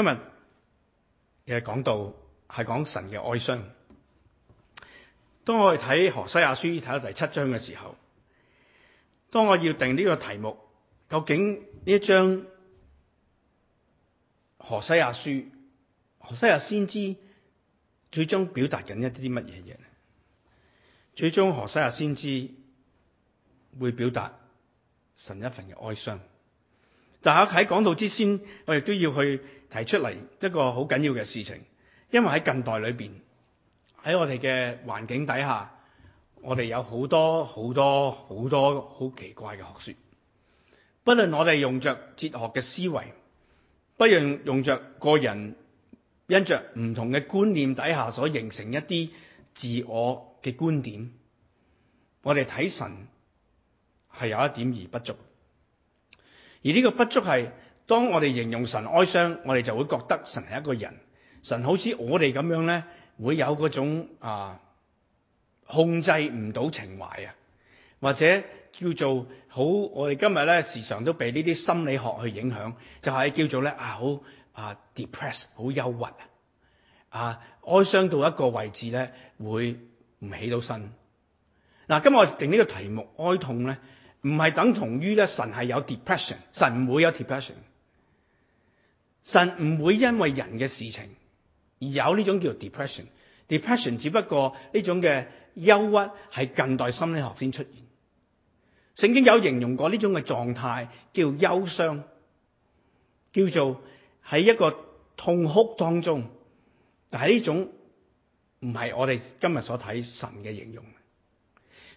今日嘅講到係講神嘅哀傷。當我去睇何西阿書睇到第七章嘅時候，當我要定呢個題目，究竟呢一章何西阿書，何西阿先知最終表達緊一啲啲乜嘢嘢？最終何西阿先知會表達神一份嘅哀傷。但喺喺講到之先，我亦都要去提出嚟一個好緊要嘅事情，因為喺近代裏邊，喺我哋嘅環境底下，我哋有好多好多好多好奇怪嘅學說，不論我哋用著哲學嘅思維，不論用用著個人因著唔同嘅觀念底下所形成一啲自我嘅觀點，我哋睇神係有一點而不足。而呢個不足係，當我哋形容神哀傷，我哋就會覺得神係一個人，神好似我哋咁樣咧，會有嗰種啊控制唔到情懷啊，或者叫做好，我哋今日咧時常都被呢啲心理學去影響，就係、是，叫做咧啊好啊 depress，好憂鬱啊，啊哀傷到一個位置咧，會唔起到身。嗱、啊，今日我哋定呢個題目哀痛咧。唔係等同於咧，神係有 depression，神唔會有 depression，神唔會因為人嘅事情而有呢種叫做 depression。depression 只不過呢種嘅憂鬱係近代心理學先出現。聖經有形容過呢種嘅狀態叫憂傷，叫做喺一個痛哭當中，但係呢種唔係我哋今日所睇神嘅形容。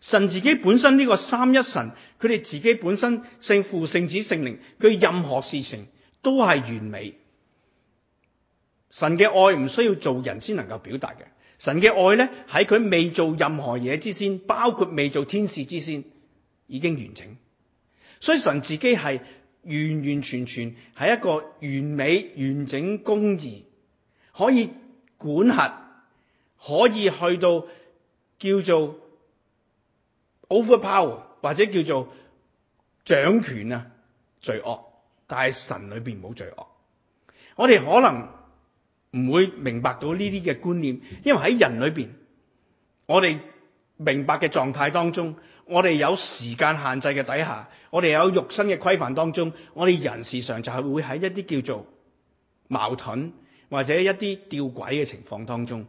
神自己本身呢個三一神，佢哋自己本身聖父、聖子、聖靈，佢任何事情都係完美。神嘅愛唔需要做人先能夠表達嘅，神嘅愛呢，喺佢未做任何嘢之先，包括未做天使之先，已經完整。所以神自己係完完全全係一個完美、完整、公義，可以管轄，可以去到叫做。Overpower 或者叫做掌權啊，罪惡，但係神裏邊冇罪惡。我哋可能唔會明白到呢啲嘅觀念，因為喺人裏邊，我哋明白嘅狀態當中，我哋有時間限制嘅底下，我哋有肉身嘅規範當中，我哋人事上就係會喺一啲叫做矛盾或者一啲吊詭嘅情況當中，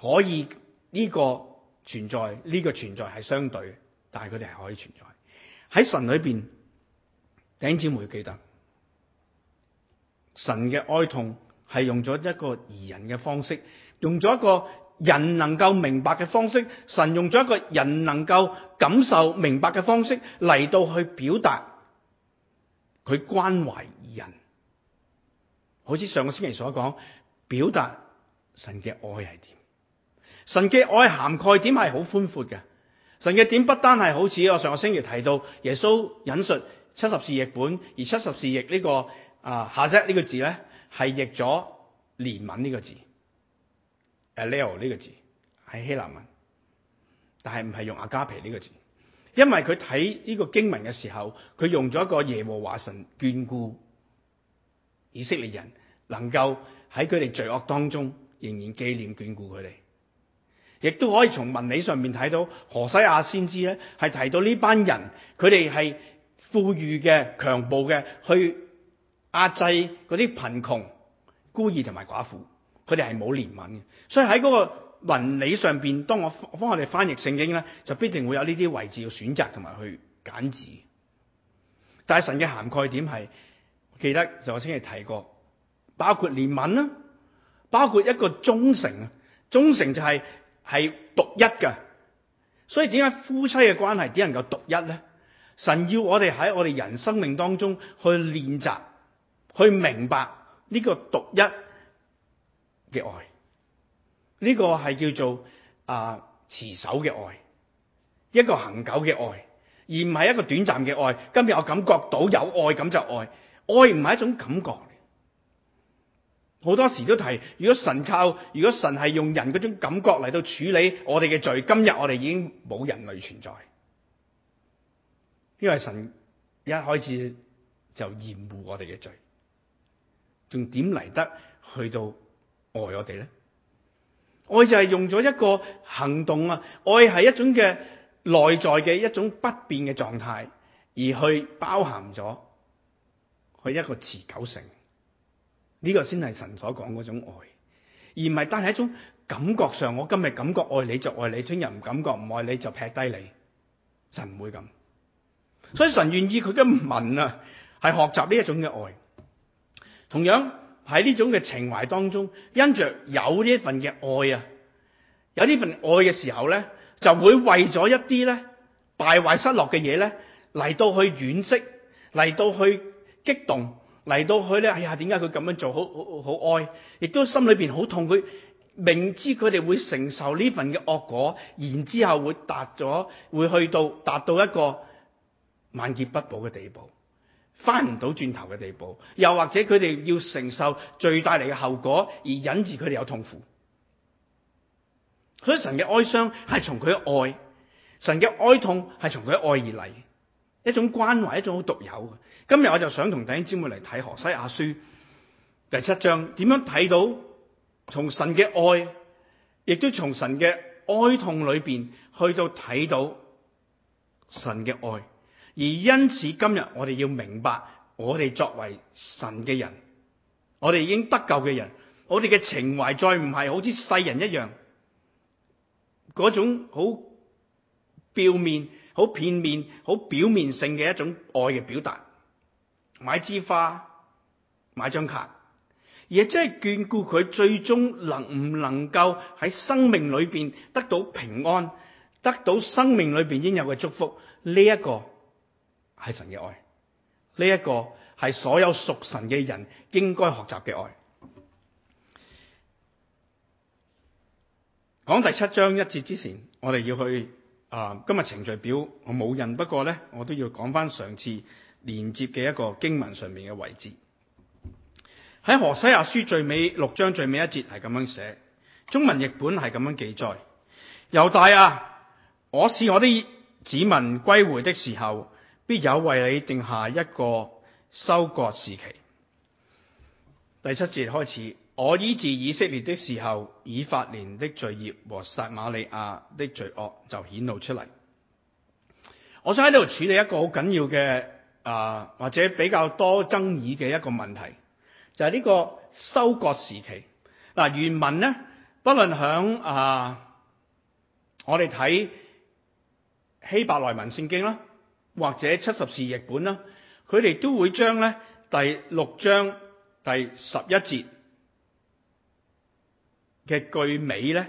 可以呢個存在，呢個存在係相對的。但係佢哋係可以存在喺神裏邊，弟兄姊妹記得，神嘅哀痛係用咗一個擬人嘅方式，用咗一個人能夠明白嘅方式，神用咗一個人能夠感受明白嘅方式嚟到去表達佢關懷人。好似上個星期所講，表達神嘅愛係點？神嘅愛涵蓋點係好寬闊嘅。神嘅點不單係好似我上個星期提到耶穌引述七十四譯本，而七十四譯呢、這個啊哈賽呢個字咧係譯咗憐憫呢個字，Leo 呢個字係希臘文，但係唔係用阿加皮呢個字，因為佢睇呢個經文嘅時候，佢用咗一個耶和華神眷顧以色列人，能夠喺佢哋罪惡當中仍然紀念眷顧佢哋。亦都可以從文理上面睇到，何西阿先知咧係提到呢班人，佢哋係富裕嘅強暴嘅，去壓制嗰啲貧窮孤兒同埋寡婦，佢哋係冇憐憫嘅。所以喺嗰個文理上面，當我幫我哋翻譯聖經咧，就必定會有呢啲位置要選擇同埋去揀字。但係神嘅涵蓋點係，記得上個星期提過，包括憐憫啦，包括一個忠誠啊，忠誠就係、是。係獨一嘅，所以點解夫妻嘅關係點能夠獨一咧？神要我哋喺我哋人生命當中去練習，去明白呢個獨一嘅愛，呢、這個係叫做啊、呃、持守嘅愛，一個恒久嘅愛，而唔係一個短暫嘅愛。今日我感覺到有愛咁就愛，愛唔係一種感覺。好多時都提，如果神靠，如果神係用人嗰種感覺嚟到處理我哋嘅罪，今日我哋已經冇人類存在，因為神一開始就厭惡我哋嘅罪，仲點嚟得去到愛我哋咧？愛就係用咗一個行動啊，愛係一種嘅內在嘅一種不變嘅狀態，而去包含咗佢一個持久性。呢個先係神所講嗰種愛，而唔係單係一種感覺上，我今日感覺愛你就愛你，聽日唔感覺唔愛你就劈低你。神唔會咁，所以神願意佢嘅民啊，係學習呢一種嘅愛。同樣喺呢種嘅情懷當中，因着有呢一份嘅愛啊，有呢份愛嘅時候咧，就會為咗一啲咧敗壞失落嘅嘢咧嚟到去惋惜，嚟到去激動。嚟到佢咧，哎呀，點解佢咁樣做？好好好，好哀，亦都心裏邊好痛。佢明知佢哋會承受呢份嘅惡果，然之後會達咗，會去到達到一個萬劫不保嘅地步，翻唔到轉頭嘅地步。又或者佢哋要承受罪帶嚟嘅後果，而引致佢哋有痛苦。所以神嘅哀傷係從佢嘅愛，神嘅哀痛係從佢嘅愛而嚟。一種關懷，一種好獨有嘅。今日我就想同弟兄姊妹嚟睇何西阿書第七章，點樣睇到從神嘅愛，亦都從神嘅哀痛裏邊去到睇到神嘅愛。而因此今日我哋要明白，我哋作為神嘅人，我哋已經得救嘅人，我哋嘅情懷再唔係好似世人一樣嗰種好表面。好片面、好表面性嘅一種愛嘅表達，買支花、買張卡，而即係眷顧佢最終能唔能夠喺生命裏邊得到平安，得到生命裏邊應有嘅祝福。呢一個係神嘅愛，呢一個係所有屬神嘅人應該學習嘅愛。講第七章一節之前，我哋要去。啊，今日程序表我冇印，不過呢，我都要講翻上次連接嘅一個經文上面嘅位置。喺《何西阿書》最尾六章最尾一節係咁樣寫，中文譯本係咁樣記載：猶大啊，我使我的子民歸回的時候，必有為你定下一個收割時期。第七節開始。我醫治以色列的時候，以法蓮的罪孽和撒瑪利亞的罪惡就顯露出嚟。我想喺呢度處理一個好緊要嘅啊、呃，或者比較多爭議嘅一個問題，就係、是、呢個收割時期嗱。原文呢，不論響啊、呃，我哋睇希伯來文聖經啦，或者七十士譯本啦，佢哋都會將咧第六章第十一節。嘅句尾咧，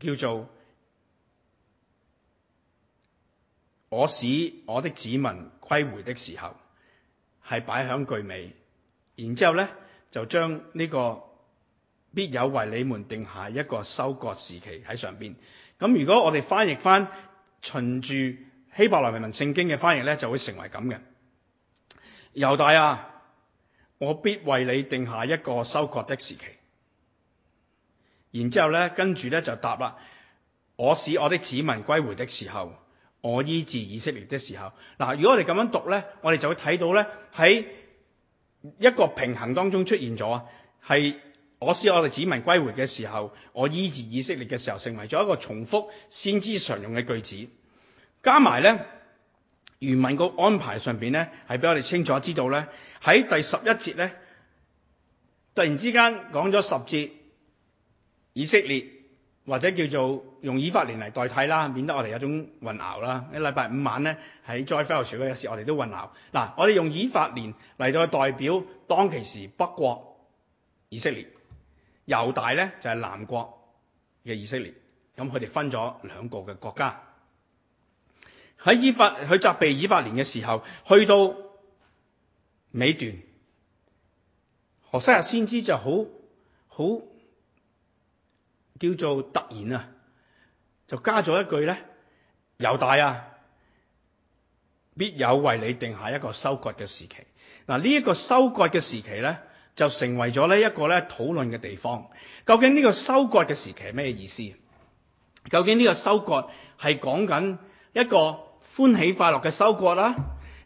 叫做我使我的子民歸回的時候，係擺喺句尾，然之後咧就將呢、這個必有為你們定下一個收割時期喺上邊。咁如果我哋翻譯翻循住希伯來文聖經嘅翻譯咧，就會成為咁嘅。猶大啊，我必為你定下一個收割的時期。然之後咧，跟住咧就答啦。我使我的子民歸回的時候，我醫治以色列的時候。嗱，如果我哋咁樣讀咧，我哋就會睇到咧喺一個平衡當中出現咗，係我使我哋子民歸回嘅時候，我醫治以色列嘅時候，成為咗一個重複先知常用嘅句子。加埋咧，原文個安排上邊咧係俾我哋清楚知道咧，喺第十一節咧，突然之間講咗十節。以色列或者叫做用以法蓮嚟代替啦，免得我哋有一種混淆啦。一禮拜五晚咧喺再翻落嘅時候，我哋都混淆。嗱，我哋用以法蓮嚟做代表，當其時北國以色列，猶大咧就係、是、南國嘅以色列。咁佢哋分咗兩個嘅國家。喺以法去責備以法蓮嘅時候，去到尾段，何西阿先知就好好。很叫做突然啊，就加咗一句咧，猶大啊，必有為你定下一個收割嘅時期。嗱，呢一個收割嘅時期咧，就成為咗呢一個咧討論嘅地方。究竟呢個收割嘅時期係咩意思？究竟呢個收割係講緊一個歡喜快樂嘅收割啦，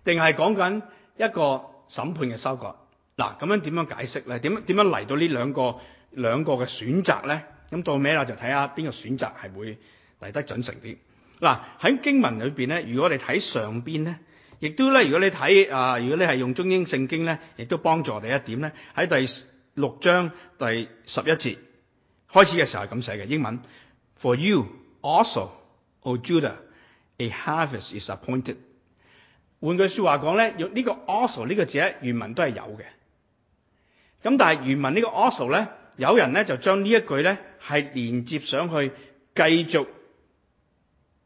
定係講緊一個審判嘅收割？嗱，咁樣點樣解釋咧？點點樣嚟到這兩個兩個選擇呢兩個兩個嘅選擇咧？咁到尾啦，就睇下邊個選擇係會嚟得準繩啲。嗱、啊、喺經文裏面咧，如果你睇上邊咧，亦都咧，如果你睇啊，如果你係用中英聖經咧，亦都幫助我哋一點咧。喺第六章第十一節開始嘅時候係咁寫嘅英文：For you also, O Judah, a harvest is appointed。換句説話講咧，用呢、呢個 also 呢個字咧，原文都係有嘅。咁但係原文呢個 also 咧，有人咧就將呢一句咧。係連接上去，繼續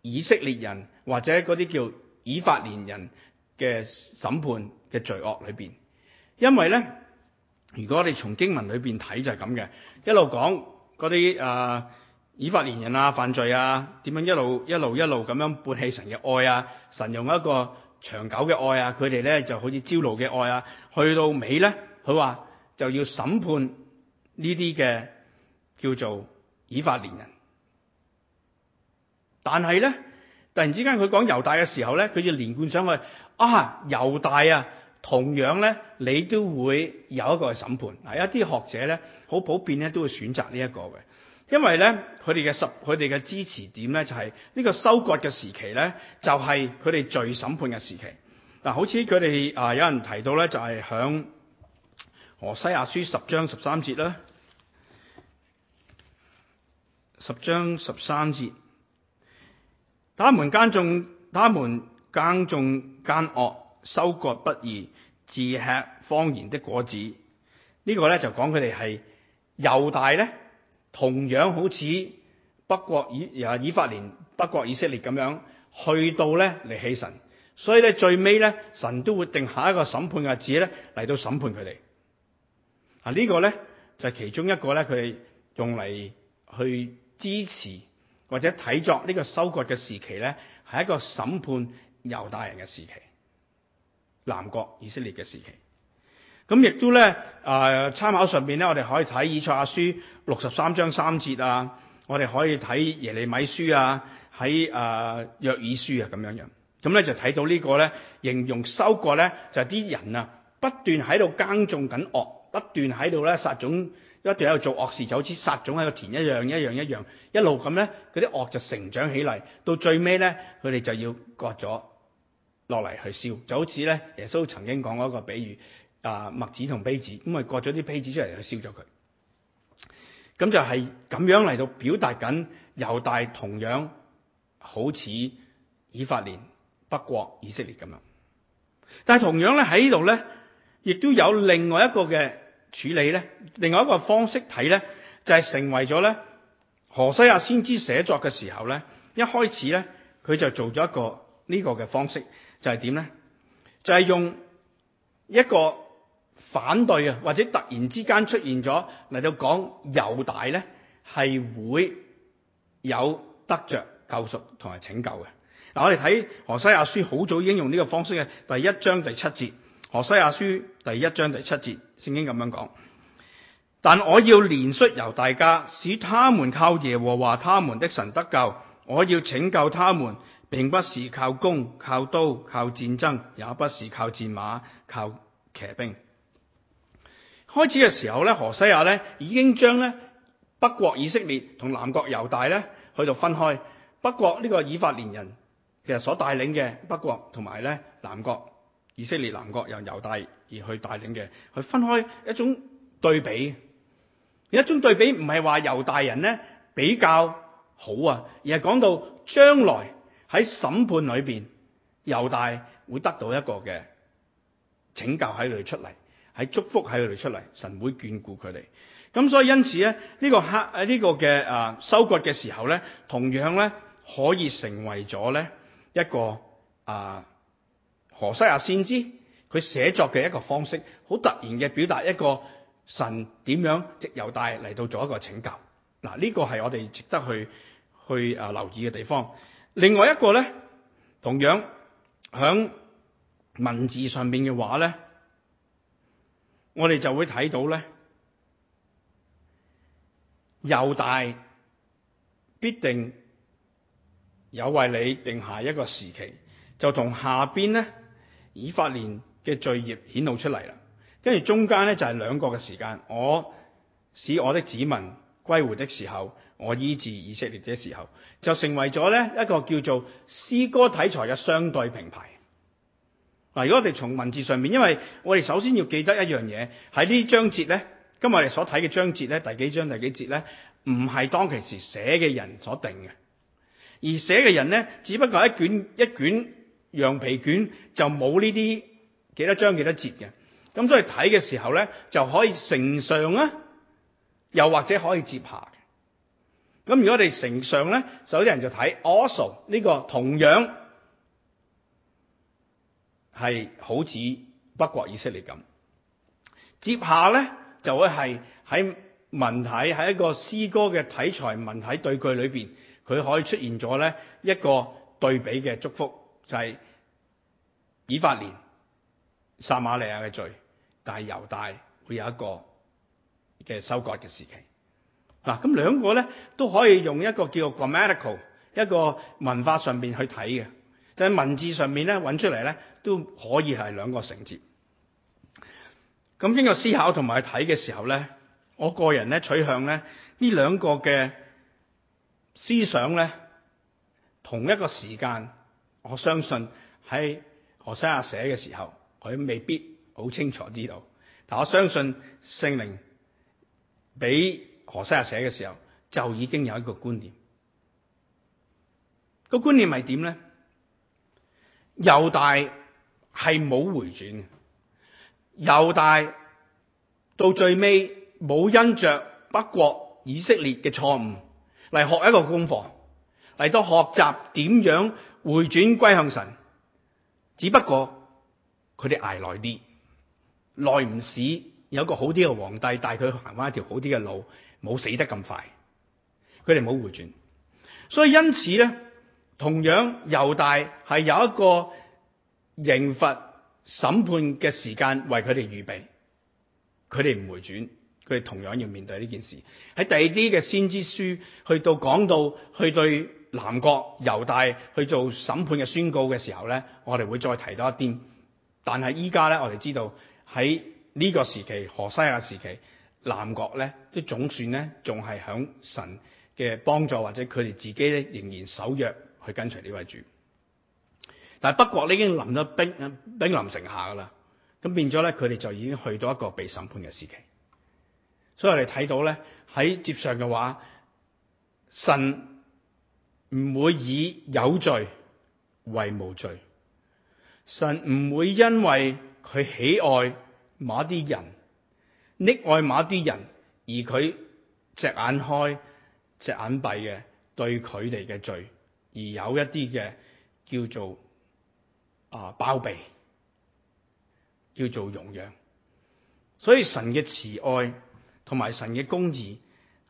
以色列人或者嗰啲叫以法蓮人嘅審判嘅罪惡裏邊，因為呢，如果我哋從經文裏邊睇就係咁嘅，一路講嗰啲誒以法蓮人啊犯罪啊，點樣一,一路一路一路咁樣撥棄神嘅愛啊，神用一個長久嘅愛啊，佢哋呢就好似朝露嘅愛啊，去到尾呢，佢話就要審判呢啲嘅。叫做以法蓮人，但係咧，突然之間佢講猶大嘅時候咧，佢就連貫上去啊！猶大啊，同樣咧，你都會有一個審判。啊，一啲學者咧，好普遍咧，都會選擇呢一個嘅，因為咧，佢哋嘅十，佢哋嘅支持點咧，就係呢個收割嘅時期咧，就係佢哋最審判嘅時期。嗱、啊，好似佢哋啊，有人提到咧，就係響何西阿書十章十三節啦。十章十三節，他們耕種，他們耕種奸惡，收割不義，自吃謊言的果子。這個、呢個咧就講佢哋係猶大咧，同樣好似北國以又以法蓮、北國以色列咁樣，去到咧嚟起神。所以咧最尾咧，神都會定下一個審判嘅日子咧嚟到審判佢哋。啊、這個、呢個咧就係、是、其中一個咧，佢用嚟去。支持或者睇，作呢個收割嘅時期呢係一個審判猶大人嘅時期，南國以色列嘅時期。咁亦都呢，啊、呃，參考上面呢，我哋可以睇以賽亞書六十三章三節啊，我哋可以睇耶利米書啊，喺啊約珥書啊咁樣樣。咁呢就睇到呢個呢形容收割呢，就係啲人啊，不斷喺度耕種緊惡，不斷喺度呢殺種。一定喺度做惡事，就好似撒種喺個田一樣，一樣，一樣，一路咁咧，嗰啲惡就成長起嚟，到最尾咧，佢哋就要割咗落嚟去燒，就好似咧耶穌曾經講過一個比喻啊麥子同稗子，咁咪割咗啲稗子出嚟去燒咗佢，咁就係咁樣嚟到表達緊猶大同樣好似以法蓮、北國以色列咁樣，但係同樣咧喺呢度咧，亦都有另外一個嘅。處理咧，另外一個方式睇咧，就係成為咗咧。何西亞先知寫作嘅時候咧，一開始咧，佢就做咗一個呢個嘅方式，就係點咧？就係用一個反對啊，或者突然之間出現咗嚟到講猶大咧，係會有得著救贖同埋拯救嘅。嗱，我哋睇何西亞書好早已經用呢個方式嘅第一章第七節。何西阿書第一章第七節，聖經咁樣講：但我要連率猶大家，使他們靠耶和華他們的神得救。我要拯救他們，並不是靠弓、靠刀、靠戰爭，也不是靠戰馬、靠騎兵。開始嘅時候咧，何西阿咧已經將咧北國以色列同南國猶大咧去到分開，北國呢個以法蓮人其實所帶領嘅北國同埋咧南國。以色列南國由猶大而去帶領嘅，佢分開一種對比，一種對比唔係話猶大人呢比較好啊，而係講到將來喺審判裏邊，猶大會得到一個嘅拯救喺佢哋出嚟，喺祝福喺佢哋出嚟，神會眷顧佢哋。咁所以因此咧，呢、這個黑喺呢個嘅啊收割嘅時候呢，同樣呢可以成為咗呢一個啊。何西阿先知佢寫作嘅一個方式，好突然嘅表達一個神點樣藉猶大嚟到做一個請教。嗱，呢個係我哋值得去去啊留意嘅地方。另外一個咧，同樣響文字上邊嘅話咧，我哋就會睇到咧，猶大必定有為你定下一個時期，就同下邊咧。以法蓮嘅罪孽顯露出嚟啦，跟住中間呢，就係兩個嘅時間，我使我的子民歸回的時候，我醫治以色列嘅時候，就成為咗呢一個叫做詩歌題材嘅相對平排。嗱，如果我哋從文字上面，因為我哋首先要記得一樣嘢，喺呢章節呢，今日我哋所睇嘅章節呢，第幾章第幾節呢，唔係當其時寫嘅人所定嘅，而寫嘅人呢，只不過一卷一卷。羊皮卷就冇呢啲幾多章幾多節嘅，咁所以睇嘅時候咧，就可以承上啊，又或者可以接下嘅。咁如果你承上咧，有啲人就睇 also 呢個同樣係好似北國以色列咁，接下咧就會係喺文體喺一個詩歌嘅題材文體對句裏邊，佢可以出現咗咧一個對比嘅祝福。就係、是、以法蓮撒馬利亞嘅罪，但係猶大會有一個嘅收割嘅時期嗱。咁兩個咧都可以用一個叫 grammatical 一個文化上面去睇嘅，就係、是、文字上面咧揾出嚟咧都可以係兩個承接。咁經過思考同埋去睇嘅時候咧，我個人咧取向咧呢兩個嘅思想咧同一個時間。我相信喺何西阿寫嘅時候，佢未必好清楚知道，但我相信聖靈俾何西阿寫嘅時候就已經有一個觀念。那個觀念係點咧？猶大係冇回轉嘅，猶大到最尾冇因着北國以色列嘅錯誤嚟學一個功課，嚟到學習點樣。回轉歸向神，只不過佢哋捱耐啲，耐唔使有一個好啲嘅皇帝帶佢行翻一條好啲嘅路，冇死得咁快。佢哋冇回轉，所以因此咧，同樣猶大係有一個刑罰審判嘅時間為佢哋預備，佢哋唔回轉，佢哋同樣要面對呢件事。喺第二啲嘅先知書去到講到去對。南國猶大去做審判嘅宣告嘅時候咧，我哋會再提到一啲。但係依家咧，我哋知道喺呢個時期，何西阿時期，南國咧都總算咧仲係響神嘅幫助，或者佢哋自己咧仍然守約去跟隨呢位主。但係北國已經臨咗兵，兵臨城下噶啦，咁變咗咧佢哋就已經去到一個被審判嘅時期。所以我哋睇到咧喺接上嘅話，神。唔會以有罪為無罪，神唔會因為佢喜愛某啲人溺愛某啲人，而佢隻眼開隻眼閉嘅對佢哋嘅罪而有一啲嘅叫做啊包庇，叫做容養。所以神嘅慈愛同埋神嘅公義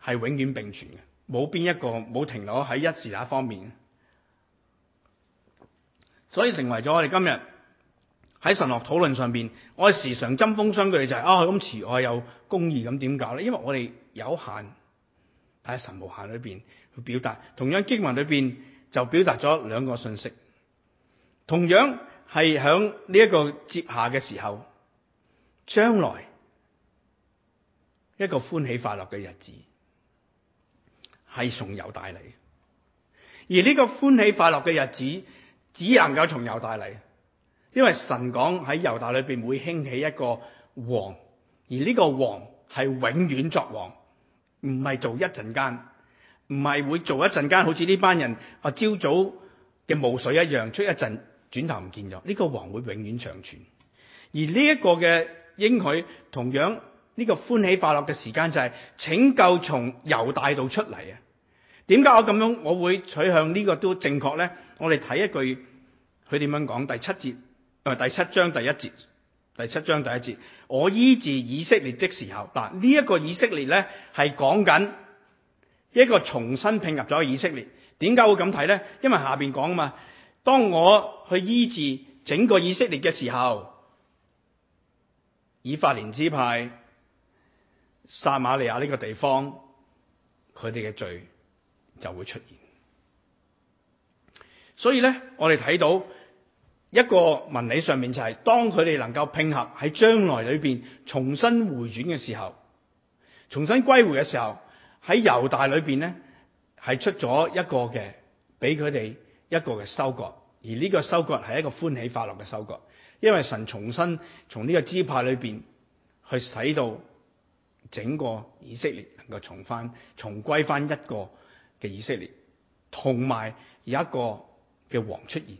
係永遠並存嘅。冇邊一個冇停留喺一時啊方面，所以成為咗我哋今日喺神學討論上邊，我哋時常針鋒相對就係啊咁，慈愛又公義咁點搞咧？因為我哋有限喺神無限裏邊去表達，同樣經文裏邊就表達咗兩個信息，同樣係響呢一個接下嘅時候，將來一個歡喜快樂嘅日子。係從猶大嚟，而呢個歡喜快樂嘅日子只能夠從猶大嚟，因為神講喺猶大裏邊會興起一個王，而呢個王係永遠作王，唔係做一陣間，唔係會做一陣間，好似呢班人啊朝早嘅霧水一樣出一陣，轉頭唔見咗。呢、這個王會永遠長存，而呢一個嘅應許同樣。呢、這個歡喜快樂嘅時間就係拯救從由大度出嚟啊！點解我咁樣我會取向呢個都正確呢？我哋睇一句佢點樣講，第七節第七章第一節，第七章第一節，我醫治以色列的時候嗱，呢、這、一個以色列呢，係講緊一個重新拼入咗以色列。點解會咁睇呢？因為下邊講啊嘛，當我去醫治整個以色列嘅時候，以法蓮支派。撒瑪利亞呢個地方，佢哋嘅罪就會出現。所以呢，我哋睇到一個文理上面就係、是，當佢哋能夠拼合喺將來裏邊重新回轉嘅時候，重新歸回嘅時候，喺猶大裏邊呢，係出咗一個嘅，俾佢哋一個嘅收割，而呢個收割係一個歡喜快樂嘅收割，因為神重新從呢個支派裏邊去使到。整個以色列能夠重返、重歸返一個嘅以色列，同埋有一個嘅王出現，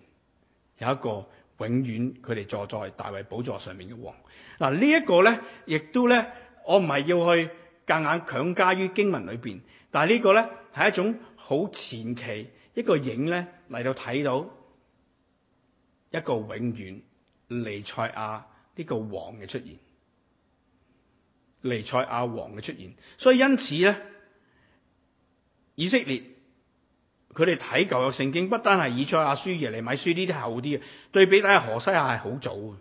有一個永遠佢哋坐在大衛寶座上面嘅王。嗱、啊這個、呢一個咧，亦都咧，我唔係要去夾硬強加於經文裏邊，但係呢個咧係一種好前期一個影咧嚟到睇到一個永遠彌賽亞呢個王嘅出現。尼塞阿王嘅出現，所以因此咧，以色列佢哋睇舊約聖經，不單係以賽亞書、耶利米書呢啲後啲嘅對比，睇下何西阿係好早喎。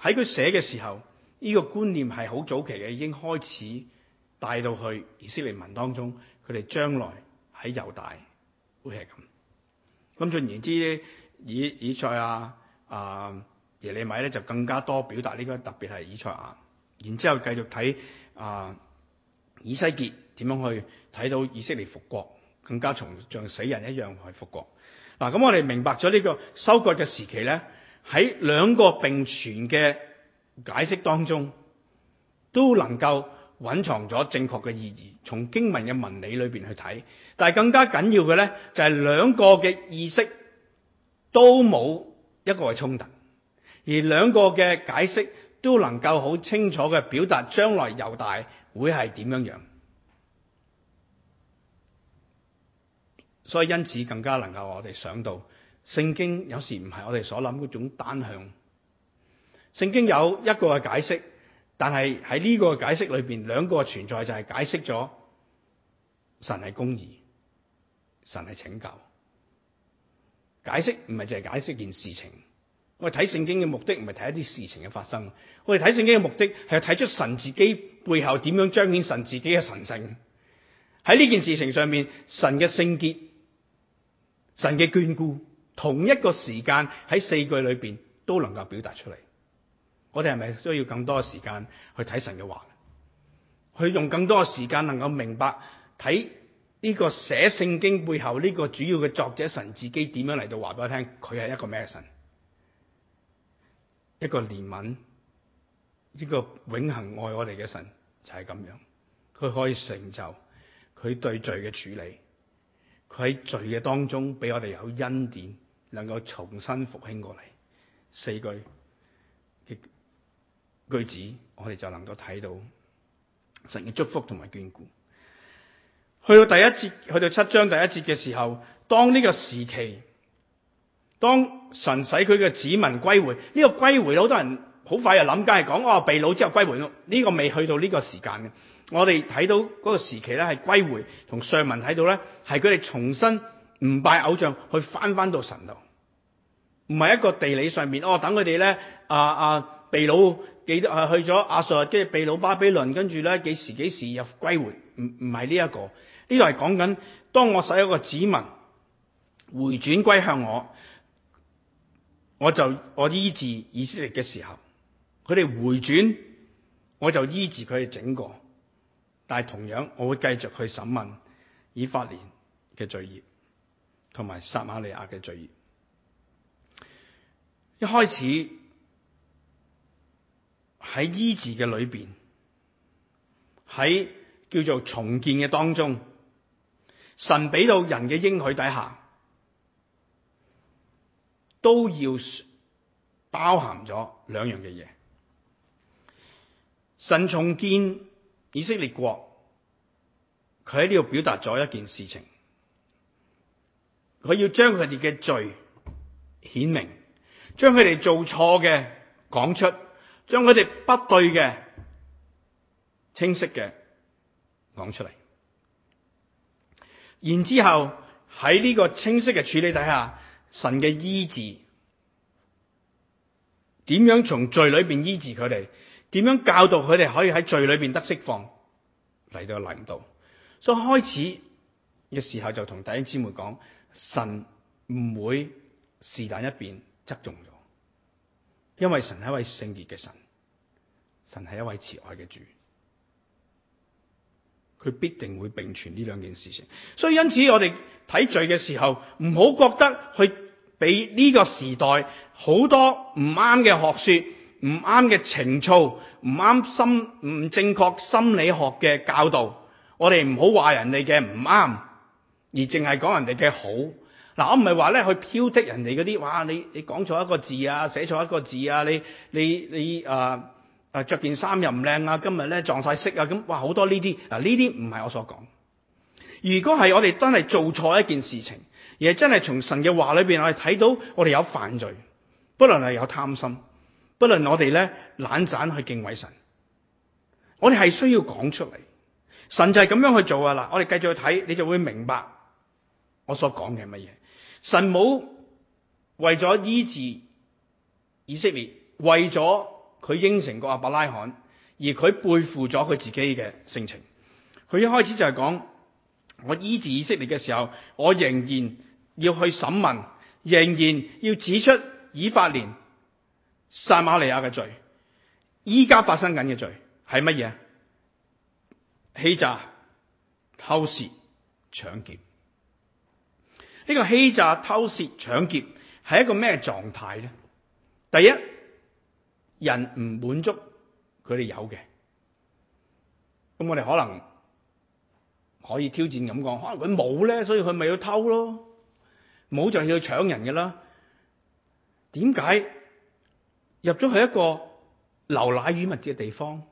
喺佢寫嘅時候，呢個觀念係好早期嘅，已經開始帶到去以色列文當中，佢哋將來喺猶大會係咁。咁進而言之，以以賽亞啊耶利米咧，就更加多表達呢個，特別係以賽亞。然之後繼續睇啊、呃，以西結點樣去睇到以色列復國，更加從像死人一樣去復國。嗱，咁我哋明白咗呢個收割嘅時期呢，喺兩個並存嘅解釋當中，都能夠藴藏咗正確嘅意義。從經文嘅文理裏面去睇，但係更加緊要嘅呢，就係、是、兩個嘅意識都冇一個係衝突，而兩個嘅解釋。都能夠好清楚嘅表達將來猶大會係點樣樣，所以因此更加能夠我哋想到聖經有時唔係我哋所諗嗰種單向，聖經有一個嘅解釋，但係喺呢個解釋裏邊，兩個嘅存在就係解釋咗神係公義，神係拯救，解釋唔係就係解釋件事情。我哋睇聖經嘅目的唔係睇一啲事情嘅發生，我哋睇聖經嘅目的係睇出神自己背後點樣彰顯神自己嘅神聖，喺呢件事情上面，神嘅聖潔、神嘅眷顧，同一個時間喺四句裏邊都能夠表達出嚟。我哋係咪需要更多嘅時間去睇神嘅話？去用更多嘅時間能夠明白睇呢個寫聖經背後呢個主要嘅作者神自己點樣嚟到話俾我聽？佢係一個咩神？一個憐憫，一個永恆愛我哋嘅神就係咁樣，佢可以成就佢對罪嘅處理，佢喺罪嘅當中俾我哋有恩典，能夠重新復興過嚟。四句句子，我哋就能夠睇到神嘅祝福同埋眷顧。去到第一節，去到七章第一節嘅時候，當呢個時期。當神使佢嘅子民歸回，呢個歸回，好多人好快就諗緊係講哦，被擄之後歸回咯，呢個未去到呢個時間嘅。我哋睇到嗰個時期咧係歸回，同上文睇到咧係佢哋重新唔拜偶像去翻翻到神度，唔係一個地理上面哦，等佢哋咧啊啊被擄記得去咗亞述，即係被擄巴比倫，跟住咧幾時幾時又歸回，唔唔係呢一個，呢度係講緊當我使一個子民回轉歸向我。我就我醫治以色列嘅時候，佢哋回轉，我就醫治佢哋整個。但係同樣我會繼續去審問以法蓮嘅罪孽，同埋撒瑪利亞嘅罪孽。一開始喺醫治嘅裏邊，喺叫做重建嘅當中，神俾到人嘅應許底下。都要包含咗兩樣嘅嘢。神重建以色列國，佢喺呢度表達咗一件事情。佢要將佢哋嘅罪顯明，將佢哋做錯嘅講出，將佢哋不對嘅清晰嘅講出嚟。然之後喺呢個清晰嘅處理底下。神嘅醫治，點樣從罪裏邊醫治佢哋？點樣教導佢哋可以喺罪裏邊得釋放嚟到嚟唔到？所以開始嘅時候就同弟兄姊妹講，神唔會是但一邊側重咗，因為神係一位聖潔嘅神，神係一位慈愛嘅主，佢必定會並存呢兩件事情。所以因此，我哋睇罪嘅時候，唔好覺得去。你呢個時代好多唔啱嘅學說，唔啱嘅情操，唔啱心，唔正確心理學嘅教導，我哋唔好話人哋嘅唔啱，而淨係講人哋嘅好。嗱、啊，我唔係話咧去挑剔人哋嗰啲，哇！你你講錯一個字啊，寫錯一個字啊，你你你啊啊着件衫又唔靚啊，今日咧撞晒色啊，咁哇好多呢啲。嗱、啊，呢啲唔係我所講。如果係我哋真係做錯一件事情。而真係從神嘅話裏邊，我哋睇到我哋有犯罪，不論係有貪心，不論我哋咧懶散去敬畏神，我哋係需要講出嚟。神就係咁樣去做啊！嗱，我哋繼續去睇，你就會明白我所講嘅乜嘢。神冇為咗醫治以色列，為咗佢應承過阿伯拉罕，而佢背負咗佢自己嘅性情。佢一開始就係講。我醫治以色列嘅時候，我仍然要去審問，仍然要指出以法蓮、撒馬利亞嘅罪。依家發生緊嘅罪係乜嘢？欺詐、偷竊、搶劫。呢個欺詐、偷竊、搶劫係一個咩狀態咧？第一，人唔滿足，佢哋有嘅，咁我哋可能。可以挑戰咁講，可能佢冇咧，所以佢咪要偷咯，冇就要搶人嘅啦。點解入咗去一個流奶與蜜嘅地方，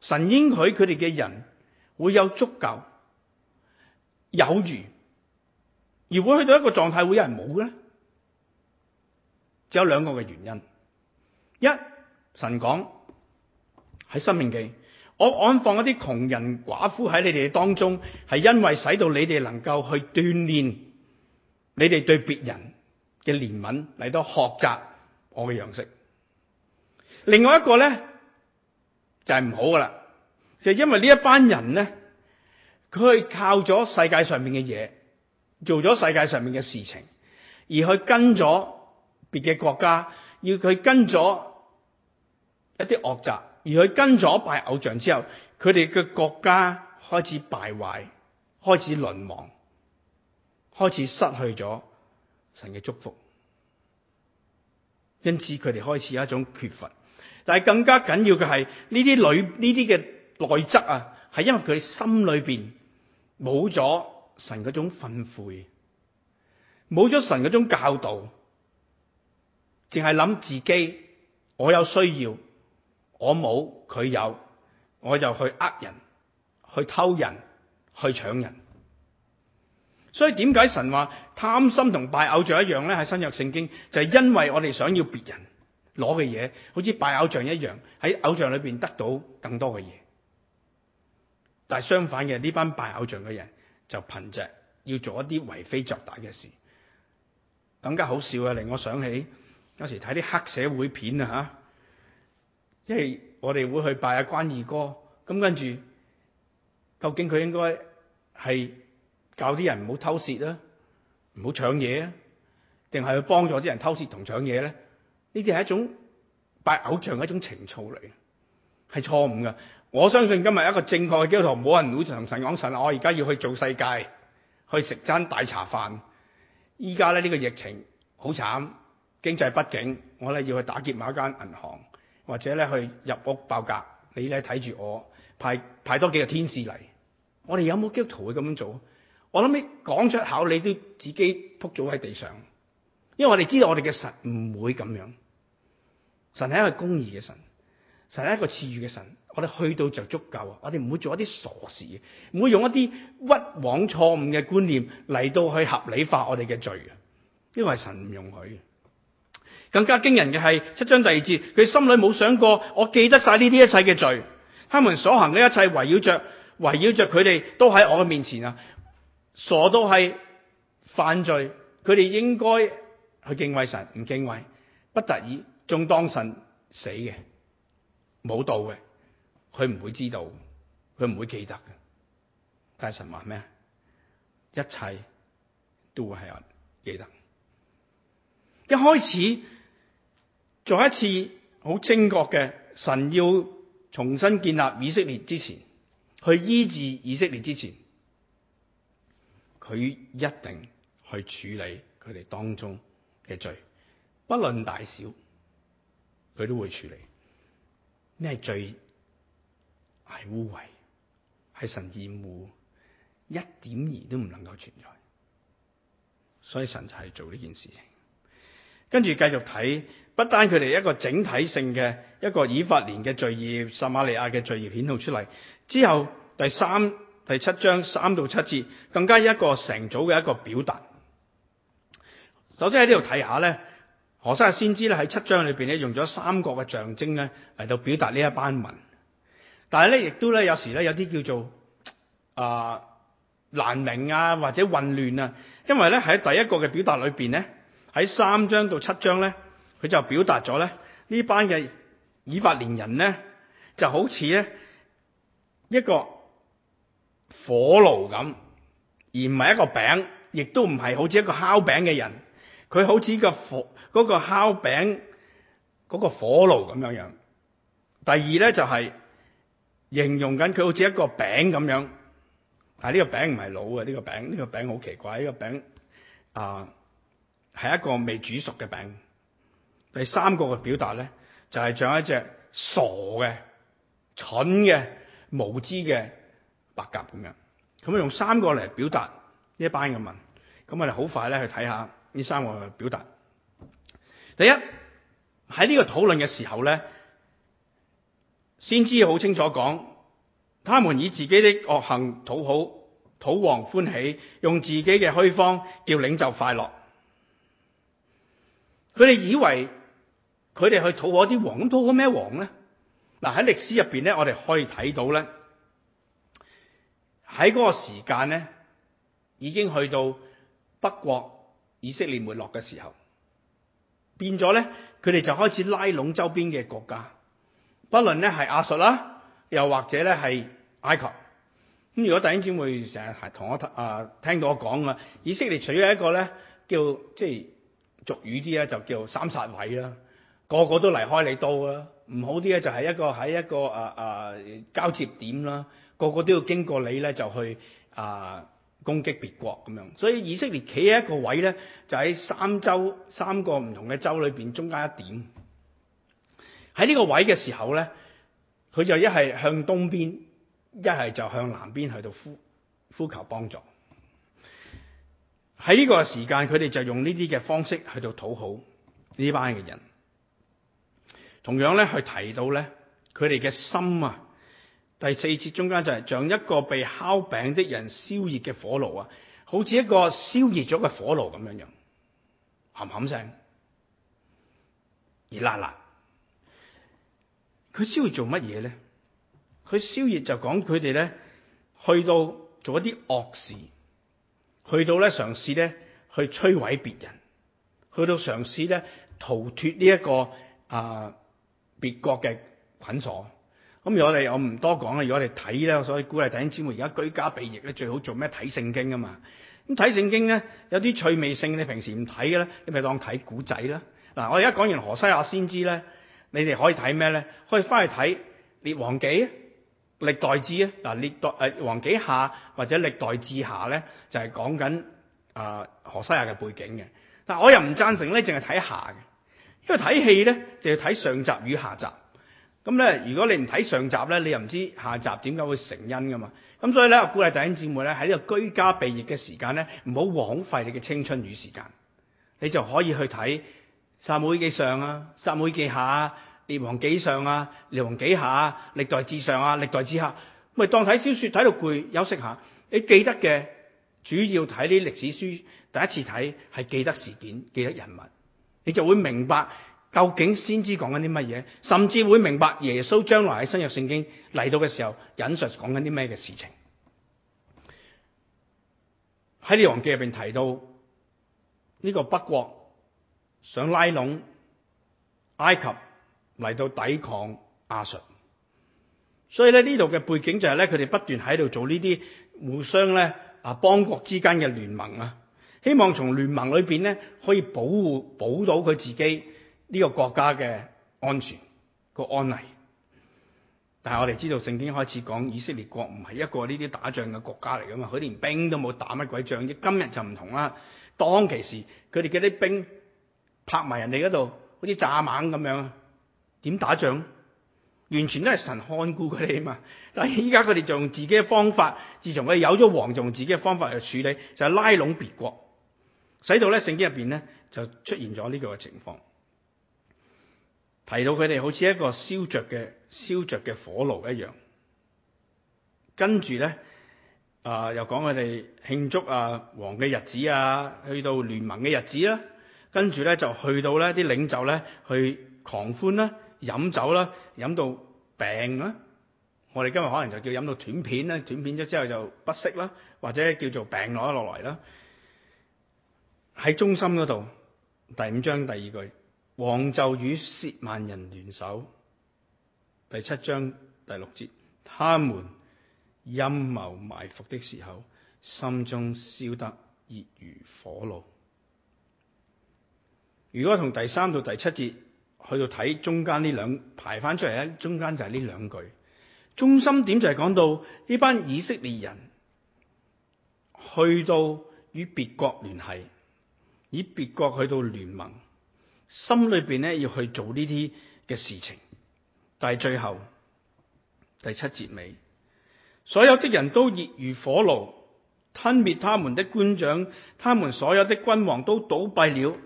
神應許佢哋嘅人會有足夠有餘，而如果去到一個狀態會有人冇嘅咧，只有兩個嘅原因。一神講喺生命記。」我安放一啲窮人寡婦喺你哋當中，係因為使到你哋能夠去鍛煉你哋對別人嘅憐憫嚟，到學習我嘅樣式。另外一個咧就係唔好噶啦，就係就係因為呢一班人咧，佢係靠咗世界上面嘅嘢做咗世界上面嘅事情，而去跟咗別嘅國家，要佢跟咗一啲惡習。而佢跟咗拜偶像之後，佢哋嘅國家開始敗壞，開始淪亡，開始失去咗神嘅祝福。因此佢哋開始有一種缺乏，但係更加緊要嘅係呢啲裏呢啲嘅內質啊，係因為佢哋心裏邊冇咗神嗰種憤悔，冇咗神嗰種教導，淨係諗自己我有需要。我冇佢有，有，我就去呃人、去偷人、去搶人。所以點解神話貪心同拜偶像一樣咧？喺新約聖經就係、是，因為我哋想要別人攞嘅嘢，好似拜偶像一樣，喺偶像裏邊得到更多嘅嘢。但係相反嘅呢班拜偶像嘅人就憑着要做一啲為非作歹嘅事，更加好笑啊！令我想起有時睇啲黑社會片啊，吓。即係我哋會去拜阿關二哥咁，跟住究竟佢應該係教啲人唔好偷竊啊，唔好搶嘢啊，定係去幫助啲人偷竊同搶嘢咧？呢啲係一種拜偶像嘅一種情操嚟，係錯誤㗎。我相信今日一個正確嘅基督徒冇人會同神講：神，我而家要去做世界，去食餐大茶飯。依家咧，呢個疫情好慘，經濟不景，我咧要去打劫某一間銀行。或者咧去入屋爆格，你咧睇住我派派多幾個天使嚟。我哋有冇基督徒會咁樣做？我諗你講出口你都自己撲咗喺地上，因為我哋知道我哋嘅神唔會咁樣，神係一個公義嘅神，神係一個賜予嘅神，我哋去到就足夠，我哋唔會做一啲傻事嘅，唔會用一啲屈枉錯誤嘅觀念嚟到去合理化我哋嘅罪，啊，因為神唔容許。更加驚人嘅係七章第二節，佢心裏冇想過，我記得晒呢啲一切嘅罪，罪，他們所行嘅一切圍繞着，圍繞着佢哋都喺我嘅面前啊！傻到係犯罪，佢哋應該去敬畏神，唔敬畏，不得已仲當神死嘅，冇道嘅，佢唔會知道，佢唔會記得嘅。但係神話咩？一切都係我記得，一開始。再一次好精確嘅，神要重新建立以色列之前，去醫治以色列之前，佢一定去處理佢哋當中嘅罪，不論大小，佢都會處理。咩罪係污穢，係神厭惡，一點而都唔能夠存在。所以神就係做呢件事情，跟住繼續睇。不單佢哋一個整體性嘅一個以法蓮嘅罪業、撒瑪利亞嘅罪業顯露出嚟，之後第三第七章三到七節更加一個成組嘅一個表達。首先喺呢度睇下咧，何西阿先知咧喺七章裏邊咧用咗三個嘅象徵咧嚟到表達呢一班民。但係咧亦都咧有時咧有啲叫做啊、呃、難明啊或者混亂啊，因為咧喺第一個嘅表達裏邊咧喺三章到七章咧。佢就表達咗咧，呢班嘅以法蓮人咧，就好似咧一個火爐咁，而唔係一個餅，亦都唔係好似一個烤餅嘅人。佢好似個火嗰個烤餅嗰個火爐咁樣樣，第二咧就係形容緊佢好似一個餅咁樣，啊係呢個餅唔係老嘅，呢個餅呢個餅好奇怪，呢個餅啊係一個未煮熟嘅餅。第三個嘅表達咧，就係像一隻傻嘅、蠢嘅、無知嘅白鴿咁樣。咁啊用三個嚟表達呢一班嘅民。咁我哋好快咧去睇下呢三個嘅表達。第一，喺呢個討論嘅時候咧，先知好清楚講，他們以自己的惡行討好、討王歡喜，用自己嘅虛方叫領袖快樂。佢哋以為。佢哋去討好啲王，咁討咩王咧？嗱、啊、喺歷史入面咧，我哋可以睇到咧，喺嗰個時間咧已經去到北國以色列沒落嘅時候，變咗咧，佢哋就開始拉攏周邊嘅國家，不論咧係亞述啦，又或者咧係埃及咁。如果弟兄姊妹成日同我啊聽到我講啊，以色列取咗一個咧叫即係俗語啲咧就叫三煞位啦。個個都離開你度啦，唔好啲咧就係一個喺一個啊，啊交接點啦，個個都要經過你咧就去啊攻擊別國咁樣，所以以色列企喺一個位咧，就喺三州三個唔同嘅州裏面中間一點，喺呢個位嘅時候咧，佢就一係向東邊，一係就向南邊去到呼呼求幫助。喺呢個時間，佢哋就用呢啲嘅方式去到討好呢班嘅人。同樣咧，去提到咧，佢哋嘅心啊，第四節中間就係像一個被烤餅的人燒熱嘅火爐啊，好似一個燒熱咗嘅火爐咁樣樣，冚冚聲，熱辣辣。佢燒熱做乜嘢咧？燒熱就講佢哋咧，去到做一啲惡事，去到咧嘗試咧去摧毀別人，去到嘗試咧逃脫呢一個啊。呃別國嘅菌所，咁如我哋我唔多講啦。如果我哋睇咧，所以鼓勵弟兄姊妹而家居家避疫咧，最好做咩睇聖經啊嘛。咁睇聖經咧，有啲趣味性，你平時唔睇嘅咧，你咪當睇古仔啦。嗱、啊，我而家講完何西阿先知咧，你哋可以睇咩咧？可以翻去睇列王紀、歷代志、就是、啊。嗱，列代誒王紀下或者歷代志下咧，就係講緊啊何西阿嘅背景嘅。但係我又唔讚成咧，淨係睇下嘅。因為睇戲呢，就要睇上集與下集。咁咧，如果你唔睇上集呢，你又唔知下集點解會成因噶嘛。咁所以呢，我鼓勵弟兄姊妹呢，喺呢個居家避疫嘅時間呢，唔好枉費你嘅青春與時間，你就可以去睇《撒母耳記上》啊，《撒母耳記下》啊，《列王紀上》啊，《列王紀下》啊，《歷代志上》啊，《歷代志下》。咪當睇小說睇到攰，休息下。你記得嘅，主要睇啲歷史書，第一次睇係記得事件，記得人物。你就會明白究竟先知講緊啲乜嘢，甚至會明白耶穌將來喺新約聖經嚟到嘅時候，引述講緊啲咩嘅事情。喺《列王記》入邊提到呢、呢個北國想拉攏埃及嚟到抵抗亞述，所以咧，呢度嘅背景就係咧，佢哋不斷喺度做呢啲互相咧啊邦國之間嘅聯盟啊。希望從聯盟裏邊咧可以保護保護到佢自己呢個國家嘅安全個安危。但係我哋知道聖經開始講以色列國唔係一個呢啲打仗嘅國家嚟噶嘛，佢連兵都冇打乜鬼仗。今日就唔同啦，當其時佢哋嘅啲兵拍埋人哋嗰度，好似蚱蜢咁樣啊，點打仗？完全都係神看顧佢哋啊嘛。但係依家佢哋就用自己嘅方法，自從佢哋有咗王，就用自己嘅方法嚟處理，就係拉攏別國。使到咧聖經入面咧就出現咗呢個嘅情況，提到佢哋好似一個燒着嘅燒著嘅火爐一樣。跟住咧啊，又講佢哋慶祝啊王嘅日子啊，去到聯盟嘅日子啦、啊。跟住咧就去到咧啲領袖咧去狂歡啦、啊、飲酒啦、啊、飲到病啦、啊。我哋今日可能就叫飲到斷片啦，斷片咗之後就不適啦，或者叫做病攞落來啦。喺中心嗰度，第五章第二句，王就與褻慢人聯手。第七章第六節，他們陰謀埋伏的時候，心中燒得熱如火爐。如果從第三到第七節去到睇中間呢兩排翻出嚟咧，中間就係呢兩句。中心點就係講到呢班以色列人去到與別國聯繫。以別國去到聯盟，心裏邊要去做呢啲嘅事情，但係最後第七節尾，所有的人都熱如火爐，吞滅他們的官長，他們所有的君王都倒斃了，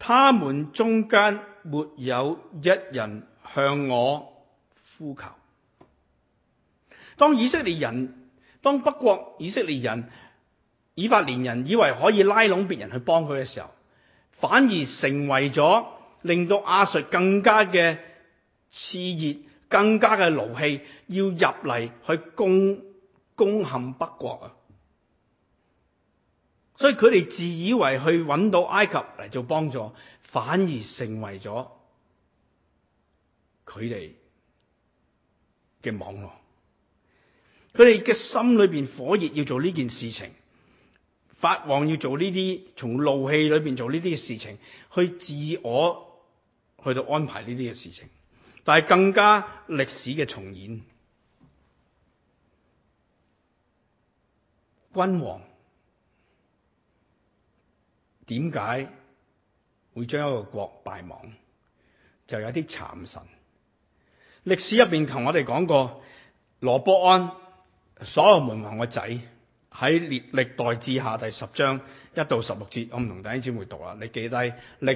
他們中間沒有一人向我呼求。當以色列人，當北國以色列人。以法蓮人以為可以拉攏別人去幫佢嘅時候，反而成為咗令到亞述更加嘅熾熱、更加嘅勞氣，要入嚟去攻攻陷北國啊！所以佢哋自以為去揾到埃及嚟做幫助，反而成為咗佢哋嘅網絡。佢哋嘅心裏邊火熱，要做呢件事情。法王要做呢啲，從怒氣裏邊做呢啲嘅事情，去自我去到安排呢啲嘅事情，但係更加歷史嘅重演，君王點解會將一個國敗亡，就有啲慘神。歷史入邊同我哋講過，羅博安所有門王嘅仔。喺歷代志下第十章一到十六節，我唔同弟兄姊妹讀啦，你記低歷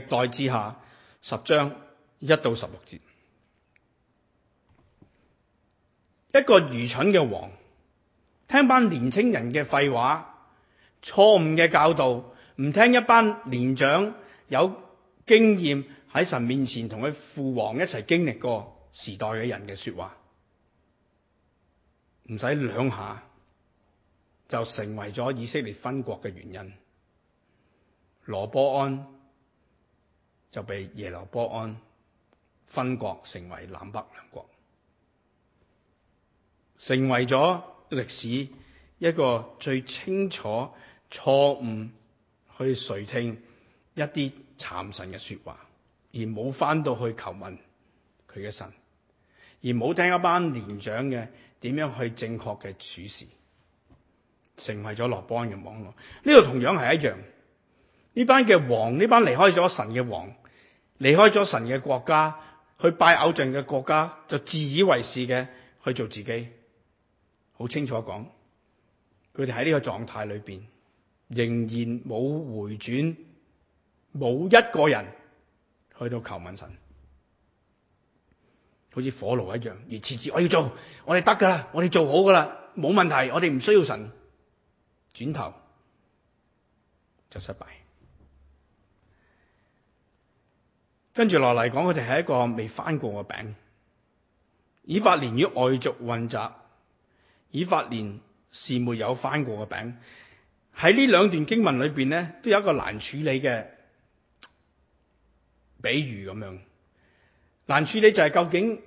代志下十章一到十六節。一個愚蠢嘅王，聽一班年青人嘅廢話、錯誤嘅教導，唔聽一班年長有經驗喺神面前同佢父王一齊經歷過時代嘅人嘅說話，唔使兩下。就成為咗以色列分國嘅原因，羅波安就被耶羅波安分國，成為南北兩國，成為咗歷史一個最清楚錯誤去垂聽一啲慘神嘅說話，而冇返到去求問佢嘅神，而冇聽一班年長嘅點樣去正確嘅處事。成為咗羅邦嘅網絡，呢度同樣係一樣。呢班嘅王，呢班離開咗神嘅王，離開咗神嘅國家，去拜偶像嘅國家，就自以為是嘅去做自己。好清楚講，佢哋喺呢個狀態裏邊，仍然冇回轉，冇一個人去到求問神，好似火爐一樣，而次次我要做，我哋得噶啦，我哋做好噶啦，冇問題，我哋唔需要神。轉頭就失敗，跟住落嚟講，佢哋係一個未翻過嘅餅。以法蓮與外族混雜，以法蓮是沒有翻過嘅餅。喺呢兩段經文裏邊咧，都有一個難處理嘅比喻咁樣。難處理就係究竟